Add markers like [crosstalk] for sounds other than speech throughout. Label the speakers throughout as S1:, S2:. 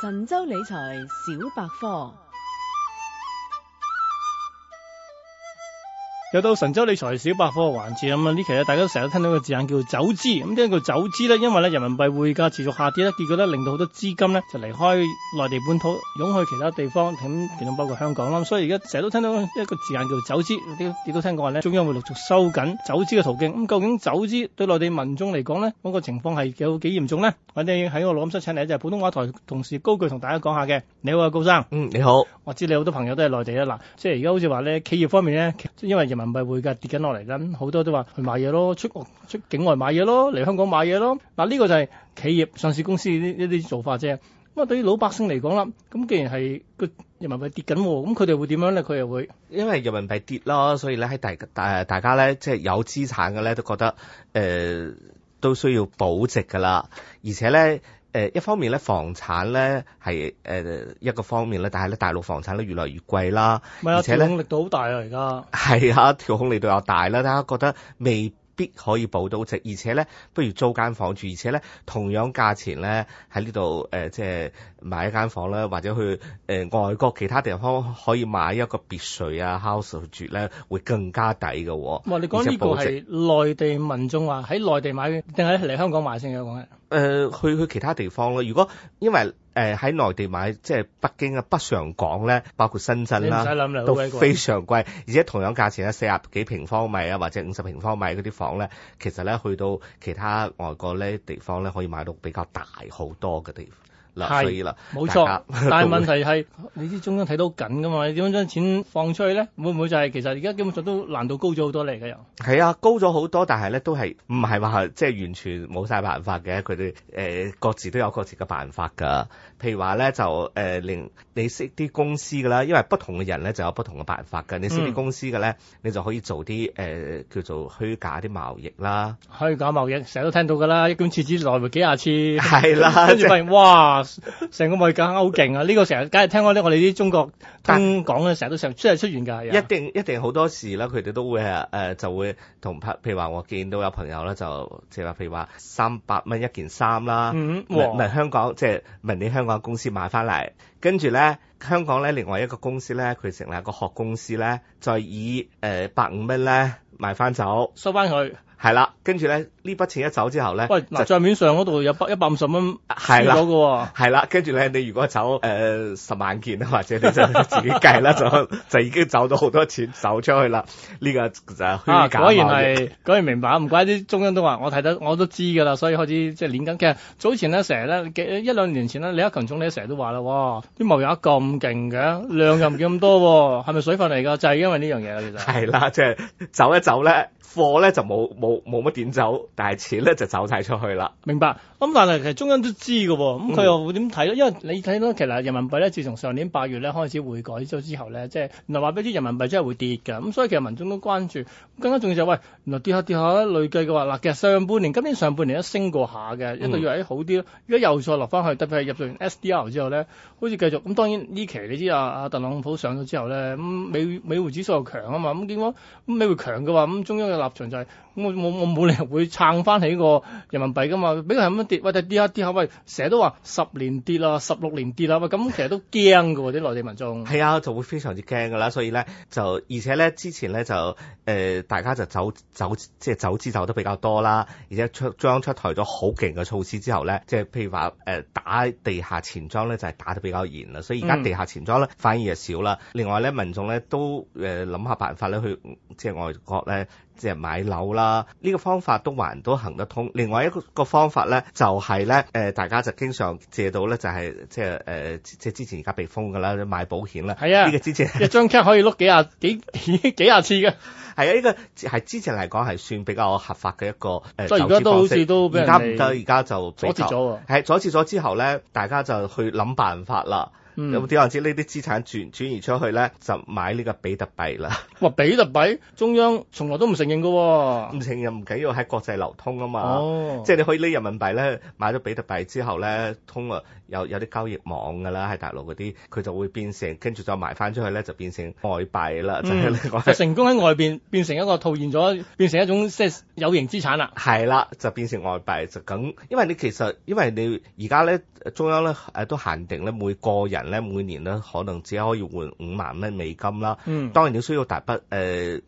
S1: 神州理財小百科。
S2: 又到神州理財小百科嘅環節咁啊！呢期咧，大家都成日都聽到個字眼叫做走資。咁點解叫走資咧，因為咧人民幣匯價持續下跌咧，結果咧令到好多資金咧就離開內地本土，湧去其他地方，咁其中包括香港啦。所以而家成日都聽到一個字眼叫做走資。亦都聽講話咧，中央會陸續收緊走資嘅途徑。咁究竟走資對內地民眾嚟講咧，嗰、那個情況係有幾嚴重咧？在我哋喺我錄音室請嚟就係、是、普通話台同事高炬同大家講下嘅。你好啊，高生。嗯，你好。我知你好多朋友都係內地啦。嗱，即係而家好似話咧，企業方面咧，因為人。人民幣會噶跌緊落嚟啦，好多都話去買嘢咯，出出境外買嘢咯，嚟香港買嘢咯。嗱、這、呢個就係企業上市公司呢一啲做法啫。咁啊，對於老百姓嚟講啦，咁既然係個人民幣跌緊，咁佢哋會點樣咧？佢又會因為人民幣跌咯，所以咧喺大誒大
S1: 家咧，即係有資產嘅咧都覺得誒、呃、都需要保值噶啦，而且咧。誒、呃、一方面咧，房產咧係誒一個方面咧，但係咧大陸房產咧越來越貴啦，
S2: 啊、而且咧調控力度好大啊，而家
S1: 係啊，調控力度又大啦，大家覺得未必可以保到值，而且咧不如租間房住，而且咧同樣價錢咧喺呢度誒、呃、即係買一間房咧，或者去誒、呃、外國其他地方可以買一個別墅啊 house 住咧，會更加抵嘅。唔，
S2: 你講呢個係內地民眾話、啊、喺內地買定係嚟香港先買先嘅講嘅？
S1: 誒、呃，去去其他地方咯，如果因為誒喺、呃、內地買，即係北京啊、北上廣咧，包括深圳啦，都非常貴。貴，而且同樣價錢咧，四十幾平方米啊，或者五十平方米嗰啲房咧，其實咧去到其他外國咧地方咧，可以買到比較大好多嘅地方。嗱，所以冇錯，大家但係問題
S2: 係， [laughs] 你知中央睇到緊噶嘛？你點樣將錢放出去咧？會唔會就係、係、其實而家基本上都難度高咗好多嚟嘅又？
S1: 係啊，高咗好多，但係咧都係唔係話即係完全冇晒辦法嘅？佢哋誒各自都有各自嘅辦法㗎。譬如話咧就誒、呃、令你識啲公司噶啦，因為不同嘅人咧就有不同嘅辦法㗎。你識啲公司嘅咧，嗯、你就可以做啲誒、呃、叫做虛假啲貿易啦。
S2: 虛假貿易成日都聽到㗎啦，一管廁紙來回幾廿次，係啦，跟住咪哇！成 [laughs] 個外貿好勁啊！呢、這個成日，梗係聽講咧，我哋啲中國通講嘅成日都成出係出現㗎。一
S1: 定一定好多時啦，佢哋都會係誒、呃，就會同譬如話，我見到有朋友咧，就即係話，譬如話三百蚊一件衫啦，唔係、嗯、香港，即係明年香港公司買翻嚟，跟住咧香港咧另外一個公司咧，佢成立一個殼公司咧，再以誒百五蚊咧賣翻走，呃、收翻去。係啦，跟住咧呢筆錢一走之後咧，喂嗱就帳
S2: 面上嗰度有
S1: 一百五十蚊輸咗嘅喎，係啦，跟住咧你如果走誒十、呃、萬件或者你就自己計啦， [laughs] 就就已經走咗好多錢走出去啦。呢、這個就虛假嘅。果然係
S2: 果然明白，唔 [laughs] 怪啲中央都話，我睇得我都知㗎啦，所以開始即係連緊。嘅早前咧，成日咧一兩年前咧，李克強總理成日都話啦，哇啲貿易咁勁嘅，量又唔見咁多、哦，係咪 [laughs] 水分嚟㗎？就係、是、因為呢樣嘢其實係啦，即係、就是、走一走
S1: 咧，貨咧就冇冇。冇乜點走，但係錢咧就走晒出去啦。明白。咁、嗯、但係
S2: 其實中央都知㗎喎，咁、嗯、佢又會點睇咧？因為你睇到其實人民幣咧，自從上年八月咧開始匯改咗之後咧，即、就、係、是、原來話俾啲人民幣真係會跌嘅。咁所以其實民眾都關注。更加重要就係、是、喂，原來跌下跌下咧累計嘅話，嗱，其實上半年、今年上半年都升過下嘅，嗯、一度以為好啲咯。而家又再落翻去，特別係入咗 SDR 之後咧，好似繼續。咁、嗯、當然呢期你知啊，阿特朗普上咗之後咧，咁、嗯、美美匯指數又強啊嘛。咁點講？美匯強嘅話，咁、嗯、中央嘅立場就係、是嗯我冇冇理由會撐翻起個人民幣噶嘛，俾佢咁樣跌，喂，跌跌下跌下，下，喂，成日都話十年跌啦，十六年跌啦，喂，咁其實都驚噶喎啲內地民
S1: 眾。係啊，就會非常之驚噶啦，所以咧就而且咧之前咧就誒大家就走走即係走資走得比較多啦，而且出將出台咗好勁嘅措施之後咧，即係譬如話誒、呃、打地下錢莊咧就係、是、打得比較嚴啦，所以而家地下錢莊咧反而就少啦。嗯、另外咧民眾咧都誒諗下辦法咧去即係外國咧。即係買樓啦，呢、這個方法都還都行得通。另外一個方法咧，就係、是、咧，誒、呃，大家就經常借到咧，就係即係誒，即、呃、係之前而家被封噶啦，買保險啦。係啊呀，呢個之前一張卡可以碌幾廿幾幾廿次嘅。係啊， [laughs] 呢、這個係之前嚟講係算比較合法嘅一個誒投資方式。而家而家而家就阻截咗，係阻截咗之後咧，大家就去諗辦法啦。嗯、有冇點樣知呢啲資產轉轉移出去咧，就買呢個比特幣啦？哇，比特幣中央從來都唔承認噶、哦，唔承認唔緊要，喺國際流通啊嘛。哦，即係你可以呢人民幣咧買咗比特幣之後咧，通啊有有啲交易網噶啦，喺大陸嗰啲，佢就會變成跟住再賣翻出去咧，就變成外幣啦。嗯、就，你就成功喺外邊變成一個套現咗，變成一種即係有形資產啦。係啦， [laughs] 就變成外幣就咁，因為你其實因為你而家咧中央咧誒都限定咧每個人。咧每年咧可能只可以換五萬蚊美金啦，嗯、當然你需要大筆誒、呃、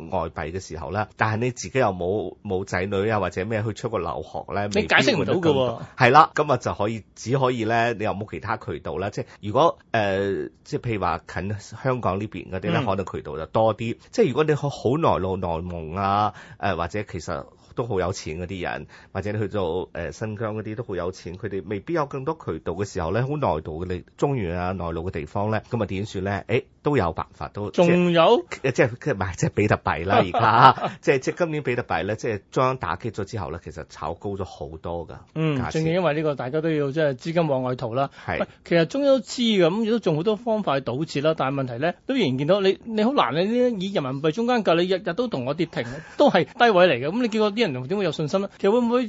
S1: 外幣嘅時候咧，但係你自己又冇冇仔女啊或者咩去出國留學咧，你解釋唔到嘅係啦，咁啊就可以只可以咧，你又冇其他渠道咧，即係如果誒、呃、即係譬如話近香港呢邊嗰啲咧，嗯、可能渠道就多啲，即係如果你去好內陸內蒙啊誒、呃、或者其實。都好有錢嗰啲人，或者去做誒、新疆嗰啲都好有錢。佢哋未必有更多渠道嘅時候咧，好內地嘅你中原啊內陸嘅地方咧，咁啊點算咧？誒、欸。都有辦法，都仲有，即係即係即係比特幣啦。而家 [laughs] 即係即係今年比特幣咧，即係中央打擊咗之後咧，其實炒高咗好多㗎。嗯，正
S2: 正因為呢個大家都要即係資金往外逃啦。是其實中央都知㗎，咁亦都仲好多方法去堵截啦。但係問題咧，都仍然見到你你好難，你呢、啊、以人民幣中間價，你日日都同我跌停，都係低位嚟嘅。咁你見過啲人點會有信心咧？其實會唔會？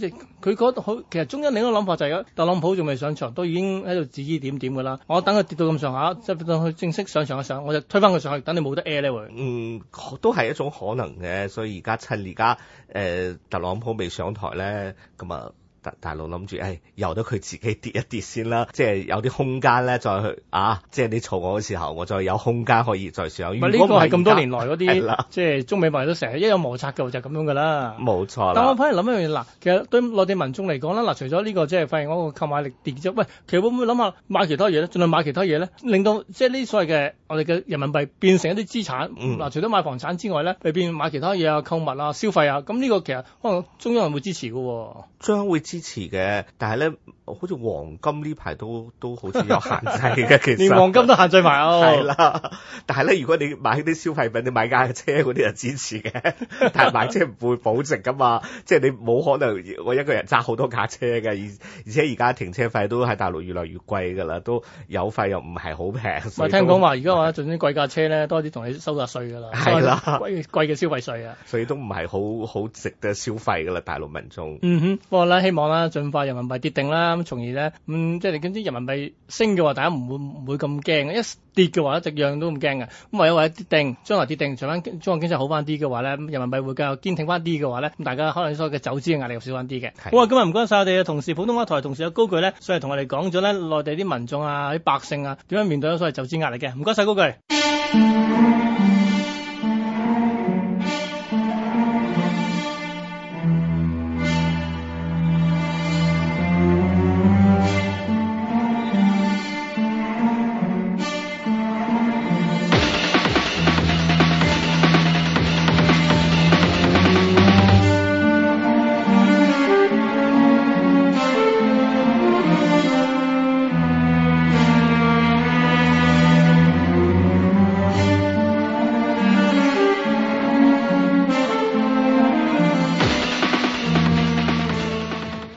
S2: 佢覺得好，其實中央另一個諗法就係、是，特朗普仲未上場，都已經喺度指指點點㗎啦。我等佢跌到咁上下，即係等佢正式上場嘅我就推翻佢上去，等你冇得 air 咧。嗯，都係一種
S1: 可能嘅，所以而家趁而家誒特朗普未上台咧，咁啊。大大佬諗住誒，由得佢自己跌一跌先啦，即係有啲空間咧，再去啊，即係你嘈我嘅時候，我再有空間可以再上。唔，呢個係咁多年來嗰啲，
S2: 是的 即係中美關係都成日一有摩擦嘅，就係咁樣噶錯啦。冇錯。但我反而諗一樣嘢，嗱，其實對內地民眾嚟講啦，嗱，除咗呢個即係發現嗰個購買力跌咗，喂，其實會唔會諗下買其他嘢咧？儘量買其他嘢咧，令到即係呢所謂嘅我哋嘅人民幣變成一啲資產。嗱，嗯、除咗買房產之外咧，未必買其他嘢啊，購物啊，消費啊。咁呢個其實可能中央係會支持嘅。中
S1: 央支持嘅，但係咧，好似黃金呢排都都好似有限制嘅，其實 [laughs] 連黃金都限制埋哦、啊。係啦，但係咧，如果你買啲消費品，你買架車嗰啲就支持嘅，但係買車唔會保值噶嘛。 [laughs] 即係你冇可能我一個人揸好多架車嘅，而而且而家停車費都喺大陸越來越貴㗎啦，都油費又唔係好平。喂，聽講話
S2: 而家話，最緊貴架車咧，多啲同你收下稅㗎啦。係啦，貴嘅消費稅啊，
S1: 所以都唔係好好值得消費㗎啦，大陸民眾。嗯
S2: 哼，不過咧，希望。啦，進化人民幣跌定啦，從而咧，咁即係嗰啲人民幣升嘅話，大家唔會唔會咁驚；一跌嘅話，一樣都咁驚嘅。咁或者話跌定，將來跌定，除翻中國經濟好翻啲嘅話咧，人民幣會較堅挺翻啲嘅話咧，咁大家可能所謂嘅走資壓力又少翻啲嘅。哇！今日唔該曬我哋嘅同事，普通話台同事嘅高炬咧，所以同我哋講咗咧，內地啲民眾啊，啲百姓啊，點樣面對所謂走資壓力嘅？唔該曬高炬。